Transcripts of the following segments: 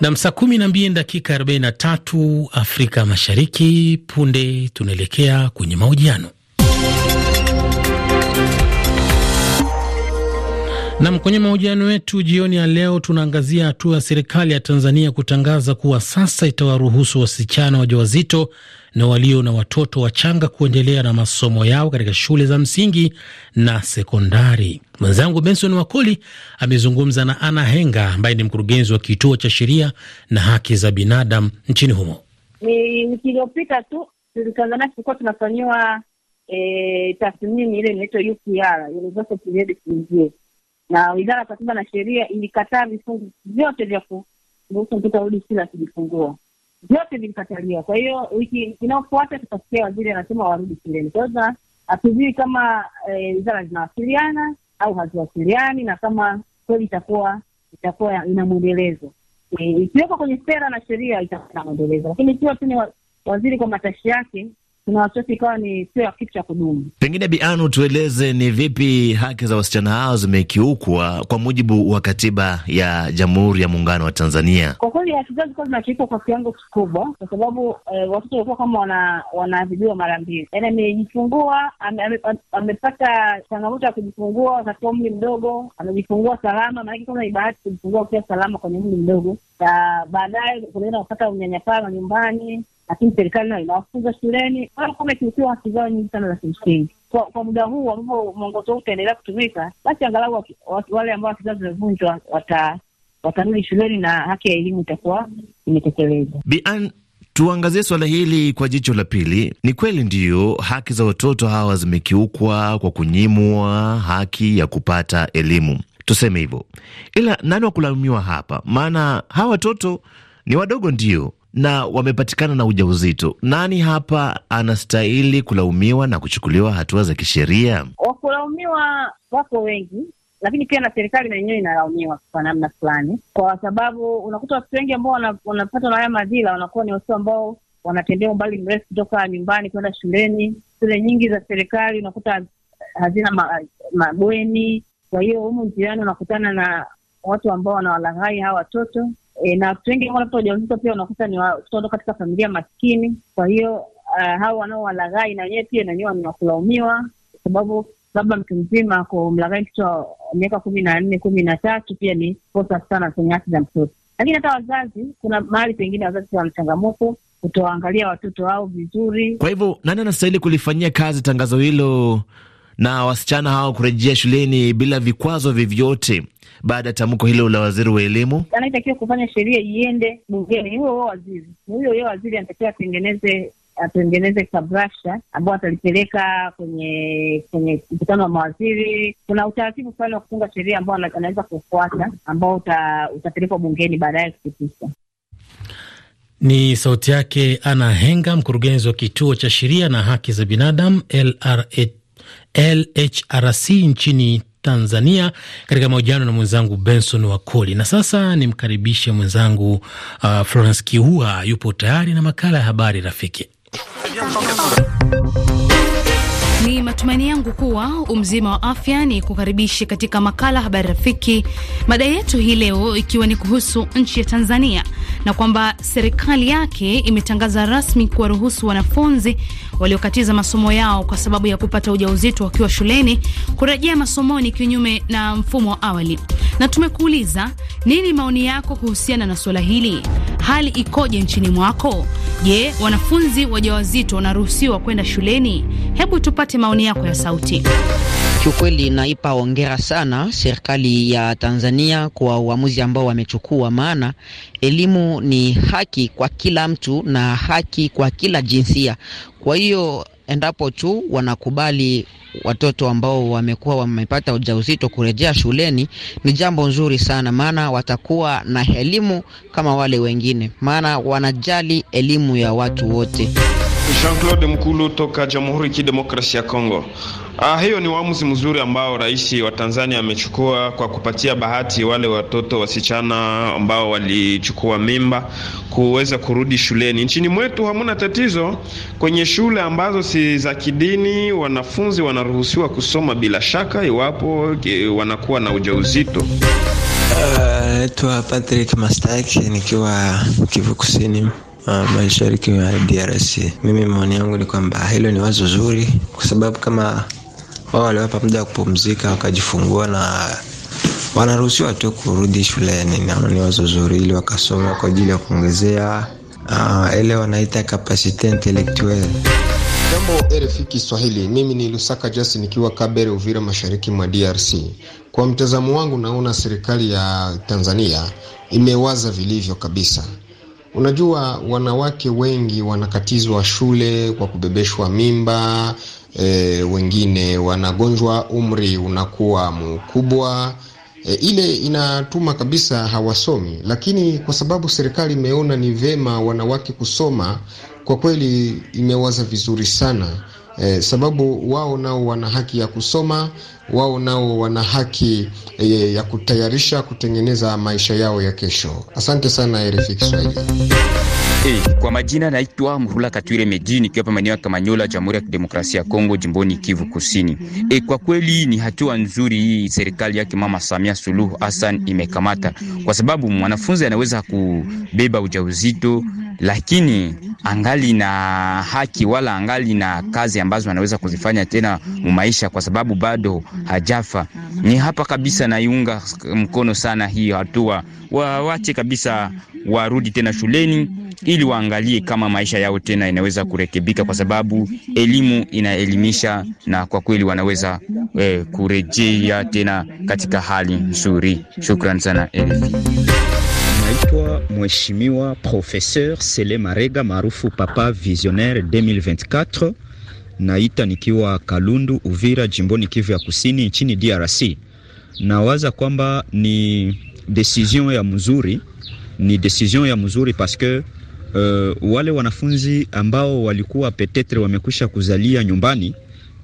Nam, saa kumi na mbili dakika tatu Afrika Mashariki. Punde tunaelekea kwenye mahojiano. Nam, kwenye mahojiano yetu jioni ya leo tunaangazia hatua ya serikali ya Tanzania kutangaza kuwa sasa itawaruhusu wasichana wajawazito na walio na watoto wachanga kuendelea na masomo yao katika shule za msingi na sekondari. Mwenzangu Benson Wakoli amezungumza na Ana Henga ambaye ni mkurugenzi wa kituo cha sheria na haki za binadamu nchini humo. Ni wiki iliyopita tu Tanzania tulikuwa tunafanyiwa e, tathmini ile inaitwa UPR, Review na Wizara ya Katiba na Sheria ilikataa vifungu vyote vya kuruhusu mtoto arudi shule akijifungua, vyote vilikataliwa. Kwa hiyo wiki inayofuata tutasikia waziri anasema warudi shuleni. Kwa hiyo hatujui kama e, wizara e, zinawasiliana au haziwasiliani na kama kweli itakuwa itakuwa ina mwendelezo e, ikiwekwa kwenye sera na sheria itakuwa na mwendelezo, lakini ikiwa tu ni waziri kwa matashi yake na ikawa ni sio ya kitu cha kudumu. Pengine Bianu, tueleze ni vipi haki za wasichana hao zimekiukwa kwa mujibu wa katiba ya Jamhuri ya Muungano wa Tanzania? Kwa kweli haki zao zilikuwa zinakiukwa kwa kiwango kikubwa, kwa sababu eh, watoto walikuwa kama wanaadhibiwa mara mbili, Yani amejifungua amepata ame, ame changamoto ya kujifungua katika umri mdogo, amejifungua salama, maanake kama ni bahati kujifungua ukiwa salama kwenye umri mdogo, na baadaye kunaenda kupata unyanyapaa nyumbani lakini serikali nayo inawafunza shuleni, kume kiukiwa haki zao nyingi sana za kimsingi. Kwa, kwa muda huu ambapo mwongozo huu utaendelea kutumika, basi angalau wale ambao haki zao zimevunjwa wata watarudi shuleni na haki ya elimu itakuwa imetekelezwa. Tuangazie swala hili kwa jicho la pili. Ni kweli ndiyo, haki za watoto hawa zimekiukwa kwa kunyimwa haki ya kupata elimu, tuseme hivyo, ila nani wa kulaumiwa hapa? Maana hawa watoto ni wadogo, ndiyo, na wamepatikana na ujauzito, nani hapa anastahili kulaumiwa na kuchukuliwa hatua za kisheria? Wakulaumiwa wako wengi, lakini pia na serikali na yenyewe inalaumiwa kwa namna fulani, kwa sababu unakuta watoto wengi ambao wanapatwa na haya madhila wanakuwa ni watoto ambao wanatembea umbali mrefu kutoka nyumbani kwenda shuleni. Shule nyingi za serikali unakuta hazina mabweni ma, kwa hiyo humu njiani unakutana na watu ambao wanawalaghai hawa watoto e, na watu wengi ambao wajawazito pia unakuta ni watoto katika familia maskini. Kwa hiyo uh, hao wanaowalaghai na wenyewe pia ni wakulaumiwa, kwa sababu labda mtu mzima kumlaghai mtoto wa miaka kumi na nne kumi na tatu pia ni kosa sana kwenye haki za mtoto. Lakini hata wazazi, kuna mahali pengine wazazi wana changamoto kutoangalia watoto wao vizuri. Kwa hivyo nani anastahili kulifanyia kazi tangazo hilo na wasichana hao kurejea shuleni bila vikwazo vyovyote? baada ya tamko hilo la waziri wa elimu. Anatakiwa kufanya sheria iende bungeni huo huyo waziri, huyo huyo waziri anatakiwa atengeneze atengeneze kabrasha ambao atalipeleka kwenye kwenye mkutano wa mawaziri. Kuna utaratibu fulani wa kutunga sheria ambao anaweza kufuata ambao uta, utapelekwa bungeni baadaye kupitishwa. Ni sauti yake Ana Henga, mkurugenzi wa kituo cha sheria na haki za binadamu LRA, LHRC nchini Tanzania katika mahojiano na mwenzangu Benson Wakoli. Na sasa nimkaribishe mwenzangu uh, Florence Kiua, yupo tayari na makala ya habari rafiki ni matumaini yangu kuwa umzima wa afya. Ni kukaribishe katika makala habari rafiki, mada yetu hii leo ikiwa ni kuhusu nchi ya Tanzania na kwamba serikali yake imetangaza rasmi kuwaruhusu wanafunzi waliokatiza masomo yao kwa sababu ya kupata ujauzito wakiwa shuleni kurejea masomoni kinyume na mfumo wa awali. Na tumekuuliza nini maoni yako kuhusiana na suala hili hali ikoje nchini mwako? Je, wanafunzi wajawazito wanaruhusiwa kwenda shuleni? Hebu tupate maoni yako ya sauti. Kiukweli naipa hongera sana serikali ya Tanzania kwa uamuzi ambao wamechukua, maana elimu ni haki kwa kila mtu na haki kwa kila jinsia. Kwa hiyo endapo tu wanakubali watoto ambao wamekuwa wamepata ujauzito kurejea shuleni, ni jambo nzuri sana, maana watakuwa na elimu kama wale wengine, maana wanajali elimu ya watu wote. Jean-Claude Mkulu toka Jamhuri ya Kidemokrasia ya Kongo. Ah, hiyo ni uamuzi mzuri ambao rais wa Tanzania amechukua kwa kupatia bahati wale watoto wasichana ambao walichukua mimba kuweza kurudi shuleni. Nchini mwetu hamuna tatizo, kwenye shule ambazo si za kidini wanafunzi wanaruhusiwa kusoma bila shaka iwapo eh, wanakuwa na ujauzito. Eh, naitwa Patrick Mastaki nikiwa Kivu Kusini. Ah, mashariki ya DRC. Mimi maoni yangu ni kwamba hilo ni wazo zuri, kwa sababu kama wao waliwapa muda wa kupumzika wakajifungua na wanaruhusiwa tu kurudi shuleni, naona ni wazo zuri, ili wakasoma kwa ajili ya kuongezea ah, ile wanaita kapasite intellectuelle. Jambo RFI Kiswahili, mimi ni Lusaka Jasi nikiwa Kabere, Uvira, mashariki mwa DRC. Kwa mtazamo wangu, naona serikali ya Tanzania imewaza vilivyo kabisa Unajua, wanawake wengi wanakatizwa shule kwa kubebeshwa mimba e, wengine wanagonjwa, umri unakuwa mkubwa e, ile inatuma kabisa hawasomi, lakini kwa sababu serikali imeona ni vema wanawake kusoma, kwa kweli imewaza vizuri sana eh, sababu wao nao wana haki ya kusoma, wao nao wana haki eh, ya kutayarisha kutengeneza maisha yao ya kesho. Asante sana RFI Kiswahili. Hey, kwa majina naitwa Mrula Katwire Meji nikiwa hapa maeneo ya Kamanyola, Jamhuri ya Kidemokrasia ya Kongo, jimboni Kivu Kusini. Hey, kwa kweli ni hatua nzuri hii serikali yake Mama Samia Suluhu Hassan imekamata, kwa sababu mwanafunzi anaweza kubeba ujauzito lakini angali na haki wala angali na kazi ambazo anaweza kuzifanya tena mumaisha, kwa sababu bado hajafa. Ni hapa kabisa, naiunga mkono sana hii hatua, waache kabisa warudi tena shuleni ili waangalie kama maisha yao tena inaweza kurekebika, kwa sababu elimu inaelimisha, na kwa kweli wanaweza eh, kurejea tena katika hali nzuri. Shukran sana RFI. Naitwa Mheshimiwa Professeur Sele Marega maarufu Papa Visionnaire 2024 naita nikiwa Kalundu, Uvira, jimboni Kivu ya Kusini, nchini DRC. Nawaza kwamba ni decision ya mzuri ni decision ya mzuri que uh, wale wanafunzi ambao walikuwa petetre wamekwisha kuzalia nyumbani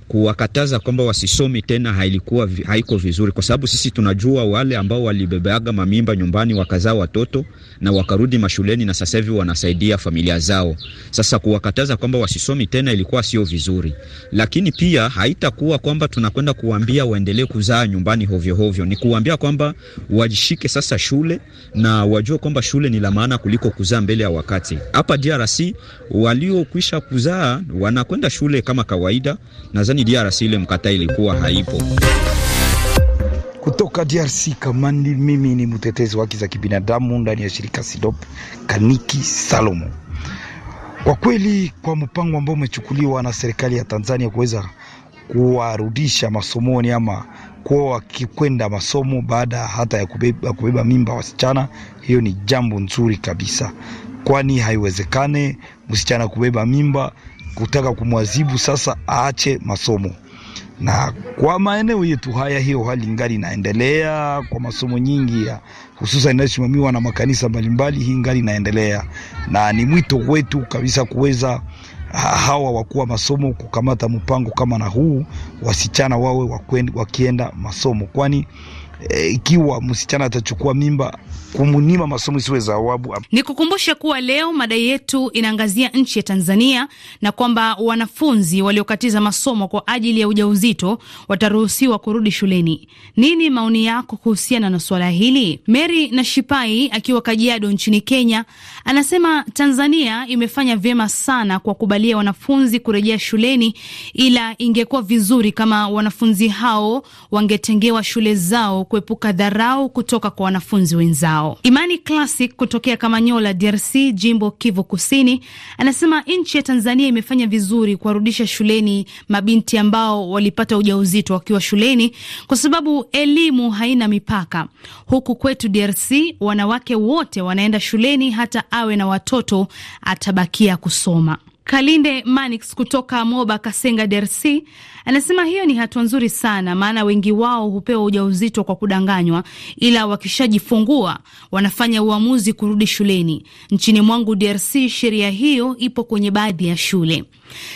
kuwakataza kwamba wasisomi tena hailikuwa haiko vizuri, kwa sababu sisi tunajua wale ambao walibebeaga mamimba nyumbani wakazaa watoto na wakarudi mashuleni na sasa hivi wanasaidia familia zao. Sasa kuwakataza kwamba wasisomi tena ilikuwa sio vizuri, lakini pia haitakuwa kwamba tunakwenda kuambia waendelee kuzaa nyumbani hovyo hovyo, ni kuambia kwamba wajishike sasa shule na wajue kwamba shule ni la maana kuliko kuzaa mbele ya wakati. Hapa DRC waliokwisha kuzaa wanakwenda shule kama kawaida na lakini DRC ile mkata ilikuwa haipo. Kutoka DRC Kamandi, mimi ni mtetezi wa haki za kibinadamu ndani ya shirika SIDOP Kaniki Salomo. Kwa kweli, kwa mpango ambao umechukuliwa na serikali ya Tanzania kuweza kuwarudisha masomoni ama kuwa wakikwenda masomo baada hata ya kubeba, kubeba mimba wasichana, hiyo ni jambo nzuri kabisa, kwani haiwezekane msichana kubeba mimba kutaka kumwazibu sasa aache masomo. Na kwa maeneo yetu haya, hiyo hali ngali inaendelea kwa masomo nyingi ya hususan inayosimamiwa na makanisa mbalimbali, hii ngali inaendelea, na ni mwito wetu kabisa kuweza hawa wakuwa masomo kukamata mpango kama na huu, wasichana wawe wakienda masomo, kwani eh, ikiwa e, msichana atachukua mimba kumunima masomo isiwe zawabu. kukumbusha kuwa leo mada yetu inaangazia nchi ya Tanzania na kwamba wanafunzi waliokatiza masomo kwa ajili ya ujauzito wataruhusiwa kurudi shuleni. Nini maoni yako kuhusiana na suala hili? Mary Nashipai akiwa Kajiado nchini Kenya anasema Tanzania imefanya vyema sana kwa kubalia wanafunzi kurejea shuleni, ila ingekuwa vizuri kama wanafunzi hao wangetengewa shule zao kuepuka dharau kutoka kwa wanafunzi wenzao yao. Imani Classic kutokea Kamanyola, DRC, jimbo Kivu Kusini, anasema nchi ya Tanzania imefanya vizuri kuwarudisha shuleni mabinti ambao walipata ujauzito wakiwa shuleni, kwa sababu elimu haina mipaka. Huku kwetu DRC wanawake wote wanaenda shuleni, hata awe na watoto atabakia kusoma. Kalinde Manix kutoka Moba Kasenga, DRC anasema hiyo ni hatua nzuri sana, maana wengi wao hupewa ujauzito kwa kudanganywa, ila wakishajifungua wanafanya uamuzi kurudi shuleni. Nchini mwangu DRC sheria hiyo ipo kwenye baadhi ya shule.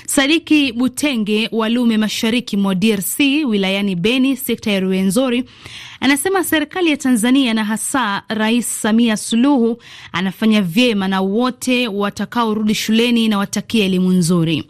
Sadiki Butenge Walume, mashariki mwa DRC wilayani Beni, sekta ya ruenzori Anasema serikali ya Tanzania na hasa Rais Samia Suluhu anafanya vyema na wote watakaorudi shuleni na watakia elimu nzuri.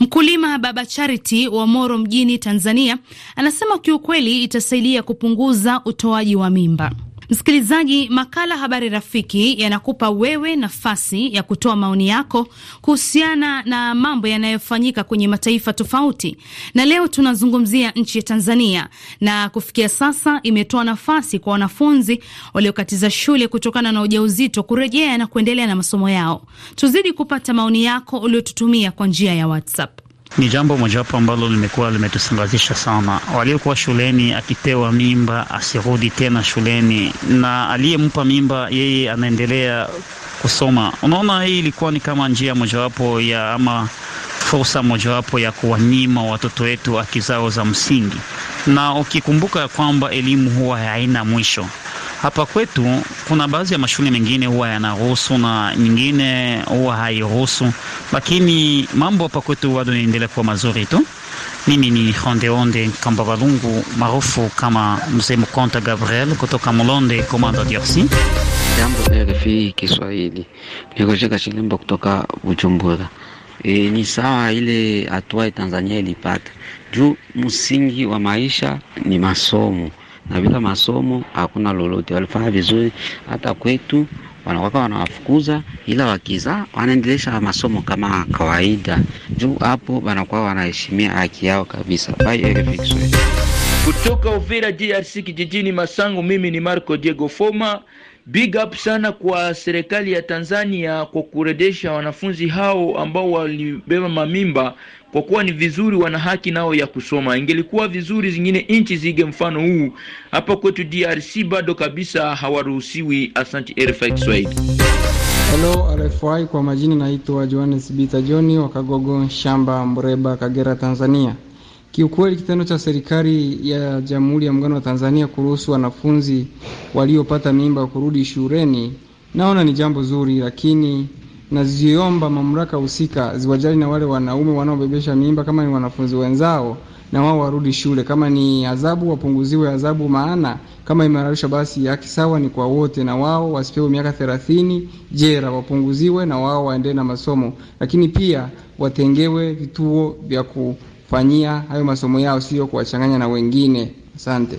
Mkulima Baba Charity wa Moro mjini Tanzania anasema kiukweli itasaidia kupunguza utoaji wa mimba. Msikilizaji, makala Habari Rafiki yanakupa wewe nafasi ya kutoa maoni yako kuhusiana na mambo yanayofanyika kwenye mataifa tofauti, na leo tunazungumzia nchi ya Tanzania, na kufikia sasa imetoa nafasi kwa wanafunzi waliokatiza shule kutokana na ujauzito kurejea na kuendelea na masomo yao. Tuzidi kupata maoni yako uliotutumia kwa njia ya WhatsApp. Ni jambo mojawapo ambalo limekuwa limetusangazisha sana. Waliokuwa shuleni, akipewa mimba asirudi tena shuleni, na aliyempa mimba yeye anaendelea kusoma. Unaona, hii ilikuwa ni kama njia mojawapo ya ama fursa mojawapo ya kuwanyima watoto wetu haki zao za msingi, na ukikumbuka kwamba elimu huwa haina mwisho. Hapa kwetu kuna baadhi ya mashule mengine huwa yanaruhusu na nyingine huwa hairuhusu, lakini mambo hapa kwetu bado yanaendelea kuwa mazuri tu. Mimi ni Hondeonde Kamba Balungu maarufu kama Mzee Mkonta Gabriel kutoka Mlonde Komanda DRC. Jambo RFI Kiswahili, Nikojeka Shilimba kutoka Bujumbura. E, ni sawa ile hatua Tanzania ilipata juu msingi wa maisha ni masomo na bila masomo hakuna lolote. Walifanya vizuri hata kwetu wanakwaka wanawafukuza, ila wakiza wanaendelesha masomo kama kawaida, juu hapo wanakuwa wanaheshimia haki yao kabisa. Kutoka Uvira DRC kijijini Masango, mimi ni Marco Diego Foma. Big up sana kwa serikali ya Tanzania kwa kurejesha wanafunzi hao ambao walibeba mamimba kwa kuwa ni vizuri, wana haki nao ya kusoma. Ingelikuwa vizuri zingine nchi zige mfano huu. Hapa kwetu DRC bado kabisa hawaruhusiwi. Asante RFI Kiswahili. Hello RFI, kwa majina naitwa Johannes Bita John wa Kagogo Shamba, Mreba, Kagera, Tanzania. Kiukweli kitendo cha serikali ya Jamhuri ya Muungano wa Tanzania kuruhusu wanafunzi waliopata mimba kurudi shuleni naona ni jambo zuri, lakini naziomba mamlaka husika ziwajali na wale wanaume wanaobebesha mimba, kama ni wanafunzi wenzao, na wao warudi shule. Kama ni adhabu, wapunguziwe adhabu, maana kama imehalalishwa, basi haki sawa ni kwa wote, na wao wasipewe miaka thelathini jera wapunguziwe na wao waendelee na masomo, lakini pia watengewe vituo vya kufanyia hayo masomo yao, sio kuwachanganya na wengine. Asante.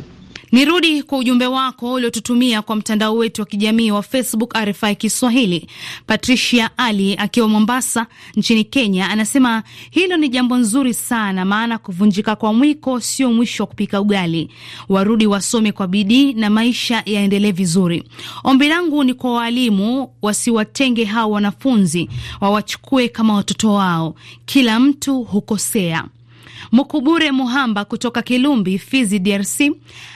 Nirudi kwa ujumbe wako uliotutumia kwa mtandao wetu wa kijamii wa Facebook RFI Kiswahili. Patricia Ali akiwa Mombasa nchini Kenya anasema hilo ni jambo nzuri sana, maana kuvunjika kwa mwiko sio mwisho wa kupika ugali. Warudi wasome kwa bidii na maisha yaendelee vizuri. Ombi langu ni kwa waalimu wasiwatenge hao wanafunzi, wawachukue kama watoto wao. Kila mtu hukosea. Mukubure Muhamba kutoka Kilumbi, Fizi, DRC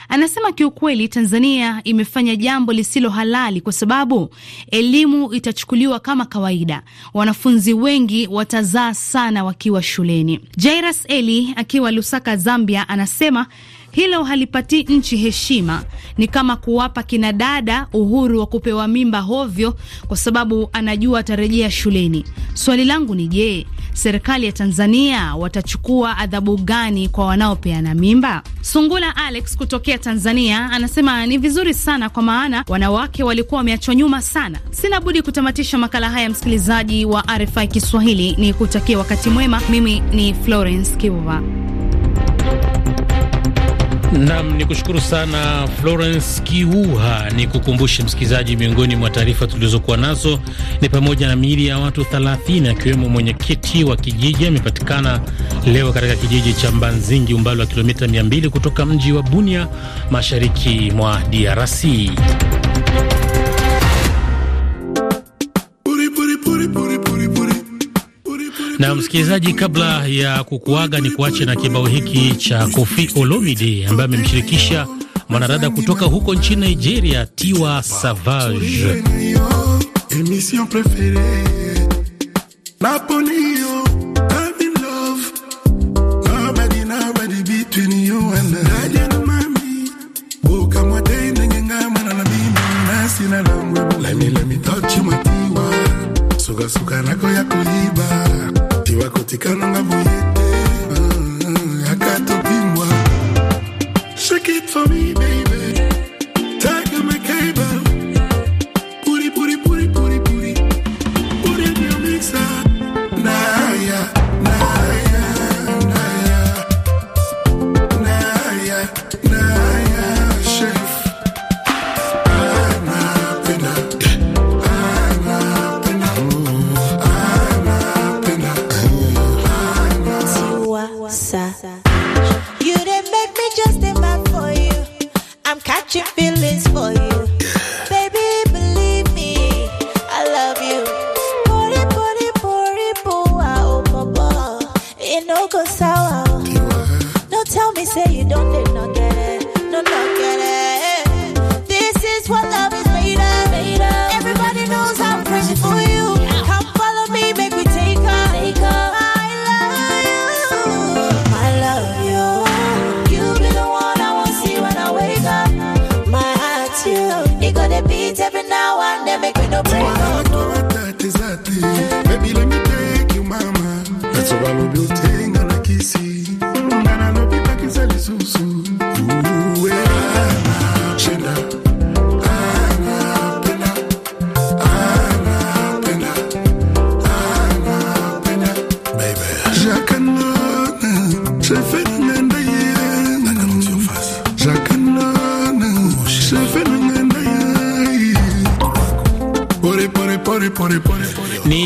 anasema kiukweli, Tanzania imefanya jambo lisilo halali kwa sababu elimu itachukuliwa kama kawaida. Wanafunzi wengi watazaa sana wakiwa shuleni. Jairas Eli akiwa Lusaka, Zambia anasema hilo halipatii nchi heshima, ni kama kuwapa kina dada uhuru wa kupewa mimba hovyo, kwa sababu anajua atarejea shuleni. Swali langu ni je, serikali ya Tanzania watachukua adhabu gani kwa wanaopeana mimba? Sungula Alex kutokea Tanzania anasema ni vizuri sana, kwa maana wanawake walikuwa wameachwa nyuma sana. Sina budi kutamatisha makala haya, msikilizaji wa RFI Kiswahili, ni kutakia wakati mwema. Mimi ni Florence Kivuva. Nam ni kushukuru sana Florence Kiuha. Ni kukumbushe msikilizaji, miongoni mwa taarifa tulizokuwa nazo ni pamoja na miili ya watu 30 akiwemo mwenyekiti wa kijiji amepatikana leo katika kijiji cha Mbanzingi, umbali wa kilomita 200 kutoka mji wa Bunia, mashariki mwa DRC. Na msikilizaji, kabla ya kukuaga, ni kuache na kibao hiki cha Kofi Olomide ambaye amemshirikisha mwanadada kutoka huko nchini Nigeria, Tiwa Savage.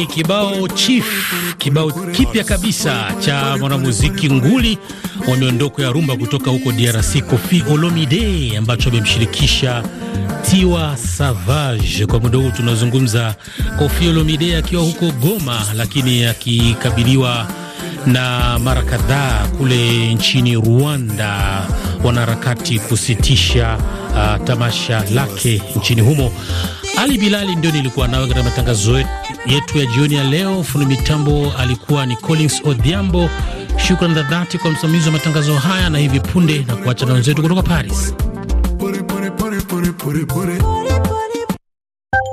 kibao Chief, kibao kipya kabisa cha mwanamuziki nguli wa miondoko ya rumba kutoka huko DRC Koffi Olomide, ambacho amemshirikisha Tiwa Savage. Kwa muda huu tunazungumza Koffi Olomide akiwa huko Goma, lakini akikabiliwa na mara kadhaa kule nchini Rwanda wanaharakati kusitisha uh, tamasha lake nchini humo. Ali Bilali ndio nilikuwa nawe katika matangazo yetu yetu ya jioni ya leo. Fundi mitambo alikuwa ni Collins Odhiambo. Shukrani za dhati kwa msimamizi wa matangazo haya, na hivi punde na kuacha na wenzetu kutoka Paris.